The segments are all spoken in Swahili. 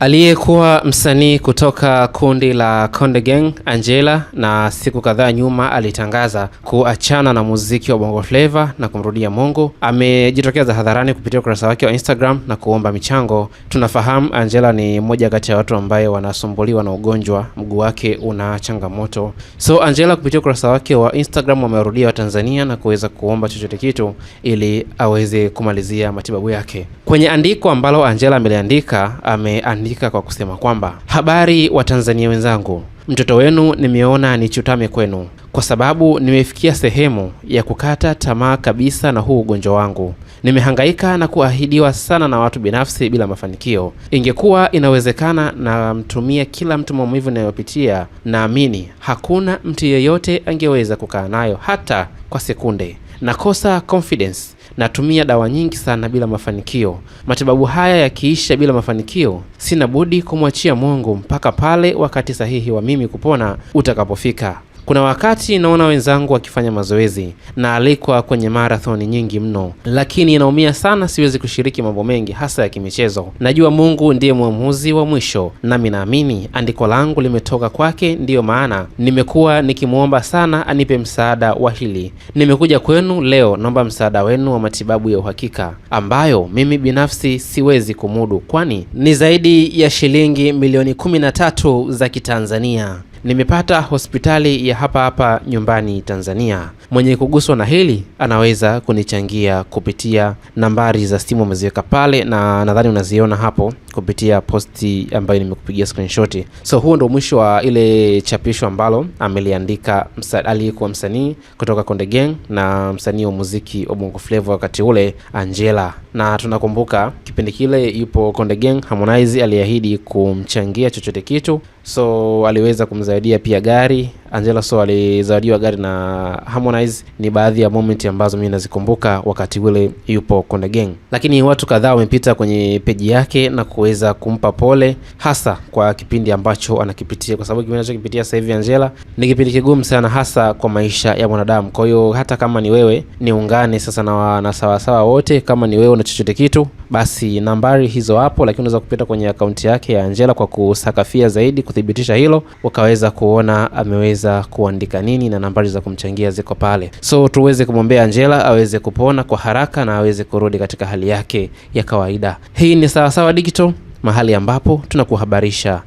Aliyekuwa msanii kutoka kundi la Konde Gang Angela, na siku kadhaa nyuma alitangaza kuachana na muziki wa Bongo Flava na kumrudia Mungu, amejitokeza hadharani kupitia ukurasa wake wa Instagram na kuomba michango. Tunafahamu Angela ni mmoja kati ya watu ambaye wanasumbuliwa na ugonjwa, mguu wake una changamoto. So Angela kupitia ukurasa wake wa Instagram wamewarudia Watanzania na kuweza kuomba chochote kitu ili aweze kumalizia matibabu yake. Kwenye andiko ambalo Angela ameliandika, ameandika kwa kusema kwamba habari wa Tanzania wenzangu, mtoto wenu nimeona nichutame kwenu kwa sababu nimefikia sehemu ya kukata tamaa kabisa na huu ugonjwa wangu. Nimehangaika na kuahidiwa sana na watu binafsi bila mafanikio. Ingekuwa inawezekana na mtumia kila mtu maumivu inayopitia, naamini hakuna mtu yeyote angeweza kukaa nayo hata kwa sekunde nakosa confidence, natumia dawa nyingi sana bila mafanikio. Matibabu haya yakiisha bila mafanikio, sina budi kumwachia Mungu mpaka pale wakati sahihi wa mimi kupona utakapofika. Kuna wakati naona wenzangu wakifanya mazoezi, naalikwa kwenye marathoni nyingi mno, lakini inaumia sana, siwezi kushiriki mambo mengi, hasa ya kimichezo. Najua Mungu ndiye mwamuzi wa mwisho, nami naamini andiko langu limetoka kwake. Ndiyo maana nimekuwa nikimwomba sana anipe msaada wa hili. Nimekuja kwenu leo, naomba msaada wenu wa matibabu ya uhakika ambayo mimi binafsi siwezi kumudu, kwani ni zaidi ya shilingi milioni kumi na tatu za Kitanzania. Nimepata hospitali ya hapa hapa nyumbani Tanzania. Mwenye kuguswa na hili anaweza kunichangia kupitia nambari za simu umeziweka pale, na nadhani unaziona hapo kupitia posti ambayo nimekupigia screenshot. So huo ndo mwisho wa ile chapisho ambalo ameliandika msa, aliyekuwa msanii kutoka Konde Gang na msanii wa muziki wa Bongo Flava wakati ule Angela, na tunakumbuka kipindi kile yupo Konde Gang, Harmonize aliahidi kumchangia chochote kitu so aliweza kumsaidia pia gari Angela So alizawadiwa gari na Harmonize. Ni baadhi ya moment ambazo mimi nazikumbuka wakati ule yupo Konde Gang, lakini watu kadhaa wamepita kwenye peji yake na kuweza kumpa pole, hasa kwa kipindi ambacho anakipitia, kwa sababu kipindi anachokipitia sasa hivi Angela ni kipindi kigumu sana, hasa kwa maisha ya mwanadamu. Kwa hiyo hata kama ni wewe, niungane sasa na wanasawasawa wote, kama ni wewe una chochote kitu, basi nambari hizo hapo, lakini unaweza kupita kwenye akaunti yake ya Angela kwa kusakafia zaidi kuthibitisha hilo, ukaweza kuona ameweza za kuandika nini na nambari za kumchangia ziko pale, so tuweze kumwombea Angela aweze kupona kwa haraka na aweze kurudi katika hali yake ya kawaida. Hii ni Sawasawa Digital, mahali ambapo tunakuhabarisha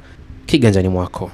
kiganjani mwako.